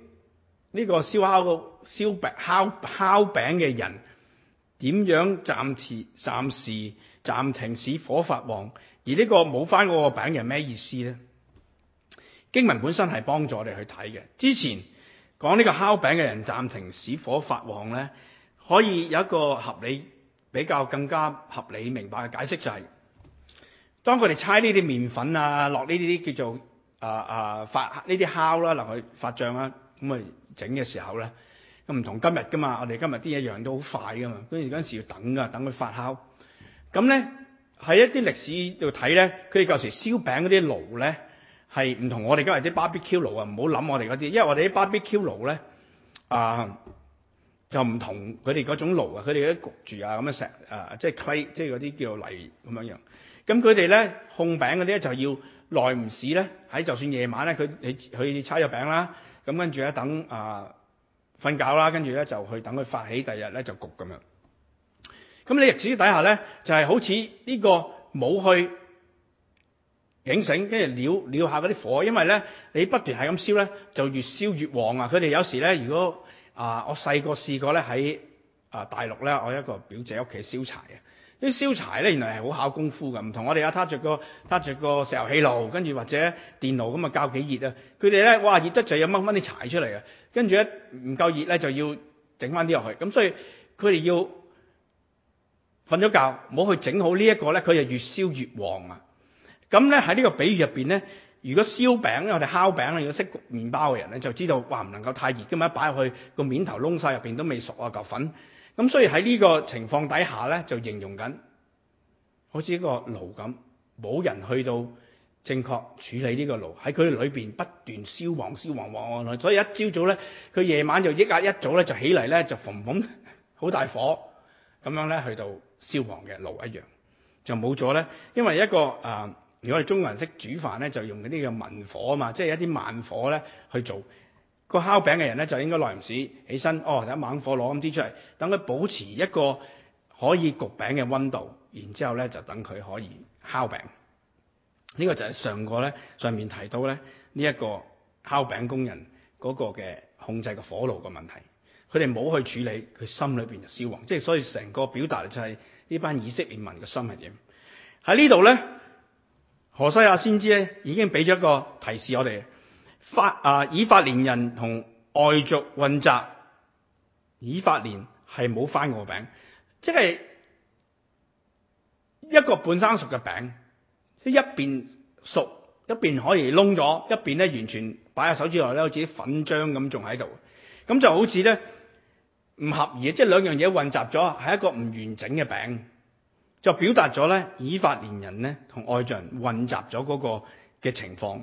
呢個燒烤燒烤烤，烤餅嘅人。點樣暫時、暫時、暫停使火發旺？而呢個冇翻嗰個餅係咩意思呢？經文本身係幫助我哋去睇嘅。之前講呢個烤餅嘅人暫停使火發旺呢，可以有一個合理、比較更加合理、明白嘅解釋就係、是：當佢哋猜呢啲麵粉啊，落呢啲叫做啊啊發呢啲烤啦，能去發脹啦，咁去整嘅時候呢。唔同今日噶嘛，我哋今日啲嘢樣樣都好快噶嘛，跟住嗰陣時要等噶，等佢發酵。咁咧喺一啲歷史度睇咧，佢哋舊時燒餅嗰啲爐咧，係唔同我哋今日啲 barbecue 爐啊！唔好諗我哋嗰啲，因為我哋啲 barbecue 爐咧啊，就唔同佢哋嗰種爐啊，佢哋嗰啲焗住啊咁嘅石啊，即係 clay，即係嗰啲叫泥咁樣樣。咁佢哋咧烘餅嗰啲咧就要耐唔少咧，喺就算夜晚咧，佢佢佢叉入餅啦，咁跟住啊等啊。瞓覺啦，跟住咧就去等佢發起，第二日咧就焗咁樣。咁你日子底下咧就係好似呢個冇去警醒，跟住撩撩下嗰啲火，因為咧你不斷係咁燒咧，就越燒越旺啊！佢哋有時咧，如果啊我細個試過咧喺啊大陸咧，我一個表姐屋企燒柴啊。啲燒柴咧，原來係好考功夫噶，唔同我哋阿他着個，他著個石油氣爐，跟住或者電爐咁啊，較幾熱啊，佢哋咧，哇，熱得就有掹翻啲柴出嚟啊，跟住一唔夠熱咧就要整翻啲落去，咁所以佢哋要瞓咗覺，唔好去整好呢一個咧，佢就越燒越旺啊，咁咧喺呢個比喻入邊咧，如果燒餅咧，我哋烤餅咧，如果識焗麵包嘅人咧，就知道嘩，唔能夠太熱噶嘛，一擺入去個面頭燶晒入邊都未熟啊，嚿、這個、粉。咁所以喺呢個情況底下咧，就形容緊好似一個爐咁，冇人去到正確處理呢個爐，喺佢裏邊不斷燒旺燒旺旺旺，所以一朝早咧，佢夜晚就即刻一早咧就起嚟咧就馴馴好大火咁樣咧去到燒旺嘅爐一樣，就冇咗咧。因為一個、呃、如果我哋中國人識煮飯咧，就用嗰啲嘅文火啊嘛，即係一啲慢火咧去做。個烤餅嘅人咧就應該耐唔時起身，哦，有一猛火攞咁啲出嚟，等佢保持一個可以焗餅嘅溫度，然之後咧就等佢可以烤餅。呢、這個就係上個咧上面提到咧呢一、這個烤餅工人嗰個個控制嘅火爐嘅問題。佢哋冇去處理，佢心裏邊就消亡。即係所以成個表達就係呢班以色列民嘅心係點喺呢度咧。何西阿先知咧已經俾咗一個提示我哋。法啊，以法連人同外族混雜，以法連係冇翻過餅，即係一個半生熟嘅餅，即係一邊熟，一邊可以燶咗，一邊咧完全擺喺手指內咧好似啲粉漿咁仲喺度，咁就好似咧唔合宜，即係兩樣嘢混雜咗，係一個唔完整嘅餅，就表達咗咧以法連人咧同外族人混雜咗嗰個嘅情況。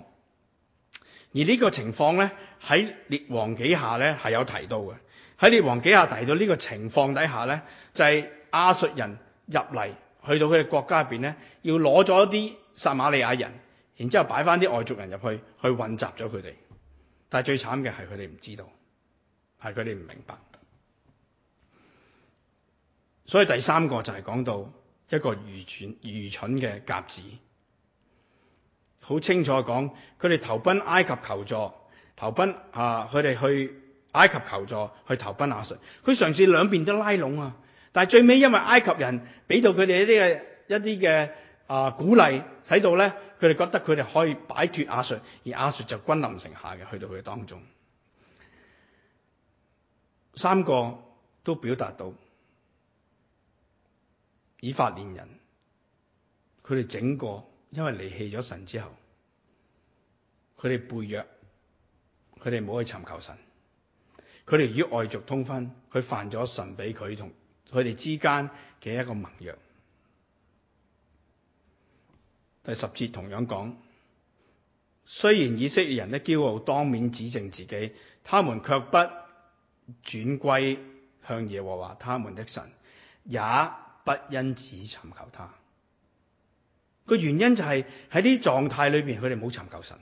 而呢個情況咧喺列王紀下咧係有提到嘅，喺列王紀下提到呢個情況底下咧，就係亞述人入嚟去到佢哋國家入邊咧，要攞咗一啲撒馬利亞人，然之後擺翻啲外族人入去，去混雜咗佢哋。但係最慘嘅係佢哋唔知道，係佢哋唔明白。所以第三個就係講到一個愚蠢愚蠢嘅鴿子。好清楚講，佢哋投奔埃及求助，投奔啊，佢哋去埃及求助，去投奔亞述。佢嘗試兩邊都拉攏啊，但係最尾因為埃及人俾到佢哋一啲嘅一啲嘅啊鼓勵，使到咧佢哋覺得佢哋可以擺脫亞述，而亞述就君臨城下嘅，去到佢當中，三個都表達到以法蓮人，佢哋整個。因為離棄咗神之後，佢哋背約，佢哋冇去尋求神，佢哋與外族通婚，佢犯咗神俾佢同佢哋之間嘅一個盟約。第十節同樣講，雖然以色列人的驕傲當面指正自己，他們卻不轉歸向耶和華他們的神，也不因此尋求他。個原因就係喺啲狀態裏邊，佢哋冇尋求神，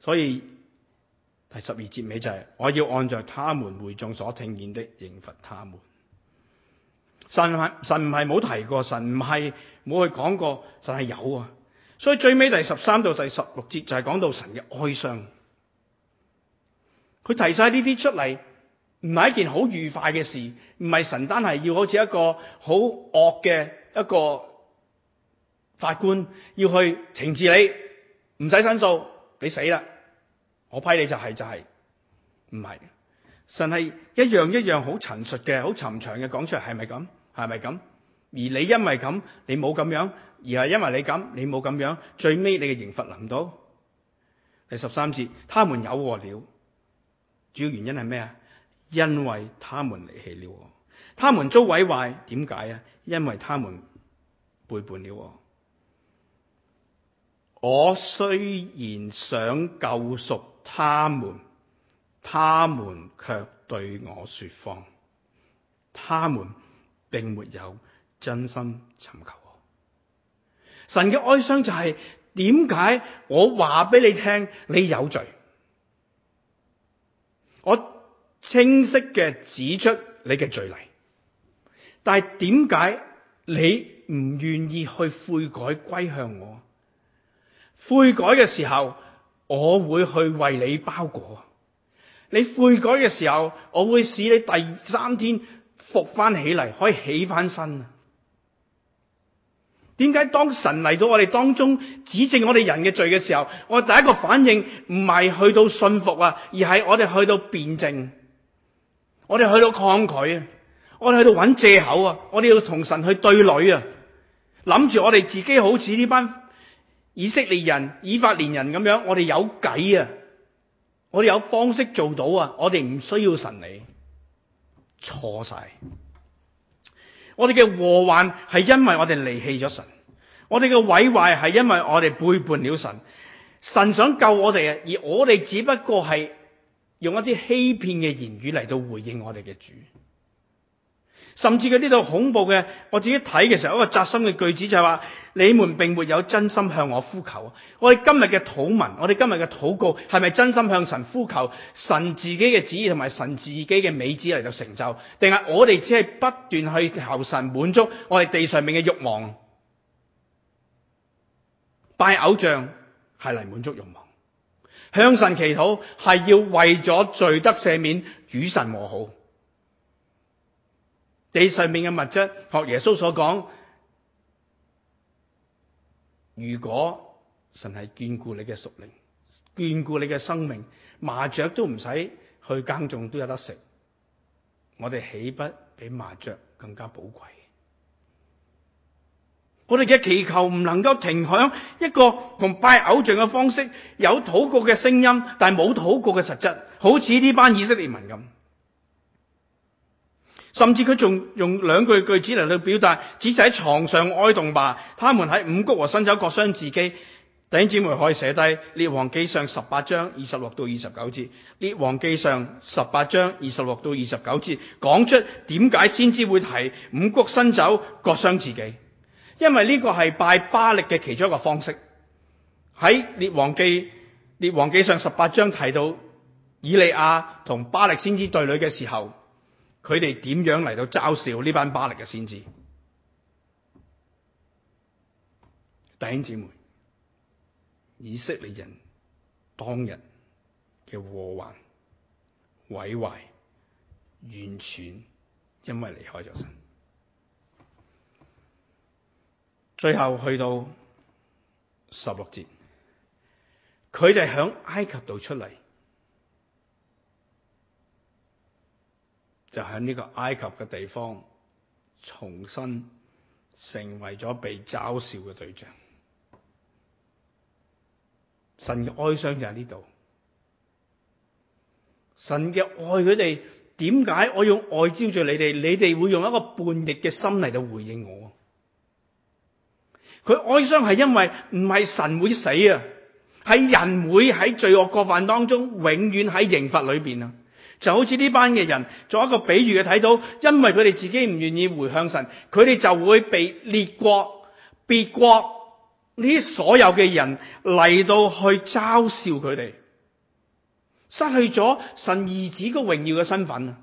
所以第十二節尾就係、是、我要按着他們會眾所聽見的懲罰他們。神係神唔係冇提過，神唔係冇去講過，神係有啊。所以最尾第十三到第十六節就係講到神嘅哀傷。佢提晒呢啲出嚟，唔係一件好愉快嘅事，唔係神單係要好似一個好惡嘅一個。法官要去懲治你，唔使申訴，你死啦！我批你就係、是、就係、是，唔係，神係一樣一樣好陳述嘅、好沉長嘅講出嚟，係咪咁？係咪咁？而你因為咁，你冇咁樣，而係因為你咁，你冇咁樣，最尾你嘅刑罰臨到。第十三節，他們有禍了，主要原因係咩啊？因為他們離棄了我，他們遭毀壞，點解啊？因為他們背叛了我。我雖然想救贖他們，他們卻對我說謊，他們並沒有真心尋求我。神嘅哀傷就係點解我話俾你聽你有罪，我清晰嘅指出你嘅罪嚟，但係點解你唔願意去悔改歸向我？悔改嘅時候，我會去為你包裹；你悔改嘅時候，我會使你第三天復翻起嚟，可以起翻身。點解當神嚟到我哋當中指證我哋人嘅罪嘅時候，我第一個反應唔係去到信服啊，而係我哋去到辯證，我哋去到抗拒啊，我哋去到搵借口啊，我哋要同神去對壘啊，諗住我哋自己好似呢班。以色列人、以法蓮人咁樣，我哋有計啊！我哋有方式做到啊！我哋唔需要神嚟錯晒。我哋嘅禍患係因為我哋離棄咗神，我哋嘅毀壞係因為我哋背叛了神。神想救我哋啊，而我哋只不過係用一啲欺騙嘅言語嚟到回應我哋嘅主。甚至佢呢度恐怖嘅，我自己睇嘅時候一個扎心嘅句子就係話。你們並沒有真心向我呼求啊！我哋今日嘅禱文，我哋今日嘅禱告，係咪真心向神呼求？神自己嘅旨意同埋神自己嘅美旨嚟到成就，定係我哋只係不斷去求神滿足我哋地上面嘅慾望？拜偶像係嚟滿足慾望，向神祈禱係要為咗罪得赦免，與神和好。地上面嘅物質，學耶穌所講。如果神係眷顧你嘅屬靈，眷顧你嘅生命，麻雀都唔使去耕種都有得食，我哋豈不比麻雀更加寶貴？我哋嘅祈求唔能夠停響一個同拜偶像嘅方式，有禱告嘅聲音，但係冇禱告嘅實質，好似呢班以色列民咁。甚至佢仲用兩句句子嚟到表達，只係喺床上哀慟吧，他們喺五穀和新酒割傷自己。弟兄姊妹可以寫低《列王記上》十八章二十六到二十九節，《列王記上》十八章二十六到二十九節講出點解先知會提五穀新酒割傷自己，因為呢個係拜巴力嘅其中一個方式。喺《列王記》《列王記上》十八章提到以利亞同巴力先知對壘嘅時候，佢哋點樣嚟到嘲笑呢班巴力嘅先知？弟兄姊妹，以色列人當日嘅禍患、毀壞，完全因為離開咗神。最後去到十六節，佢哋響埃及度出嚟。就喺呢個埃及嘅地方，重新成為咗被嘲笑嘅對象。神嘅哀傷就喺呢度。神嘅愛佢哋，點解我用愛招住你哋？你哋會用一個叛逆嘅心嚟到回應我？佢哀傷係因為唔係神會死啊，係人會喺罪惡過犯當中，永遠喺刑罰裏邊啊。就好似呢班嘅人做一個比喻嘅，睇到，因為佢哋自己唔願意回向神，佢哋就會被列國、別國呢啲所有嘅人嚟到去嘲笑佢哋，失去咗神兒子個榮耀嘅身份啊！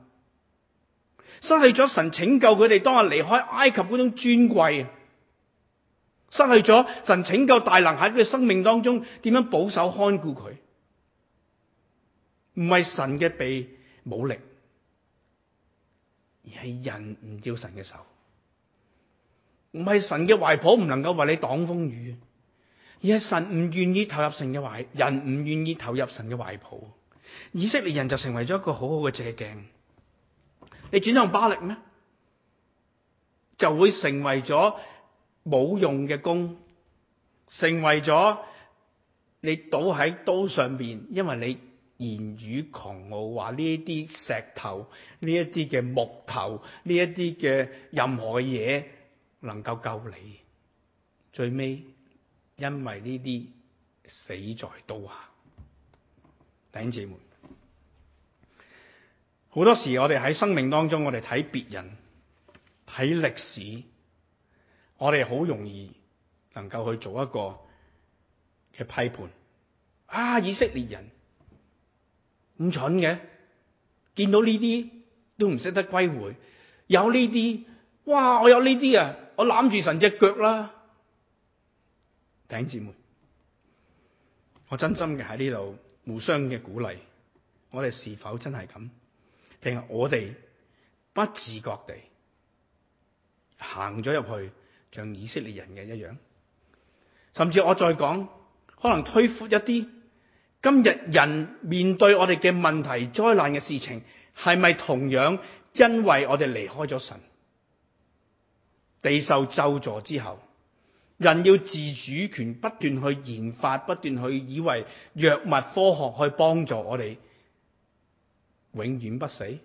失去咗神拯救佢哋當日離開埃及嗰種尊貴啊！失去咗神拯救大能喺佢嘅生命當中點樣保守看顧佢，唔係神嘅庇護。冇力，而係人唔要神嘅手，唔係神嘅懷抱唔能夠為你擋風雨，而係神唔願意投入神嘅懷，人唔願意投入神嘅懷抱。以色列人就成為咗一個好好嘅借鏡，你轉向巴力咩，就會成為咗冇用嘅弓，成為咗你倒喺刀上邊，因為你。言語狂傲話，話呢一啲石頭、呢一啲嘅木頭、呢一啲嘅任何嘅嘢能夠救你，最尾因為呢啲死在刀下。弟兄姊妹，好多時候我哋喺生命當中，我哋睇別人、睇歷史，我哋好容易能夠去做一個嘅批判。啊，以色列人！咁蠢嘅，見到呢啲都唔識得歸回，有呢啲，哇！我有呢啲啊，我攬住神隻腳啦，頂姐妹，我真心嘅喺呢度互相嘅鼓勵，我哋是否真係咁，定係我哋不自覺地行咗入去，像以色列人嘅一樣？甚至我再講，可能推闊一啲。今日人面對我哋嘅問題、災難嘅事情，係咪同樣因為我哋離開咗神？地受咒詛之後，人要自主權，不斷去研發，不斷去以為藥物、科學去幫助我哋永遠不死，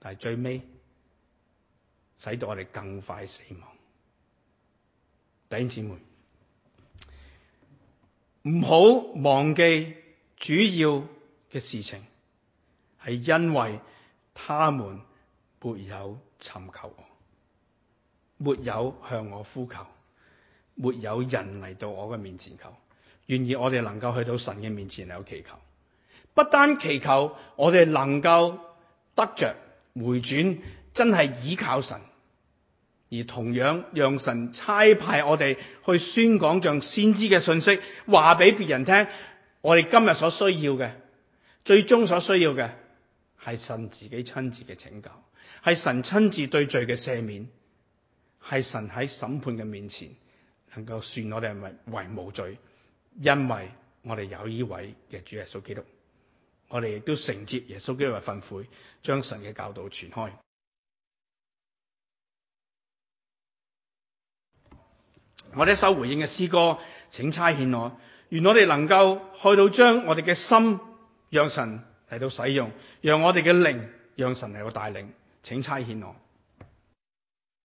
但係最尾使到我哋更快死亡。弟兄姊妹，唔好忘記。主要嘅事情係因為他們沒有尋求我，沒有向我呼求，沒有人嚟到我嘅面前求。願意我哋能夠去到神嘅面前嚟有祈求，不單祈求我哋能夠得着回轉，真係倚靠神，而同樣讓神差派我哋去宣講像先知嘅信息，話俾別人聽。我哋今日所需要嘅，最終所需要嘅係神自己親自嘅拯救，係神親自對罪嘅赦免，係神喺審判嘅面前能夠算我哋係為無罪，因為我哋有呢位嘅主耶穌基督，我哋亦都承接耶穌基督嘅訓誨，將神嘅教導傳開。我哋一首回應嘅詩歌，請差遣我。願我哋能夠去到將我哋嘅心讓神嚟到使用，讓我哋嘅靈讓神嚟到帶領，請差遣我。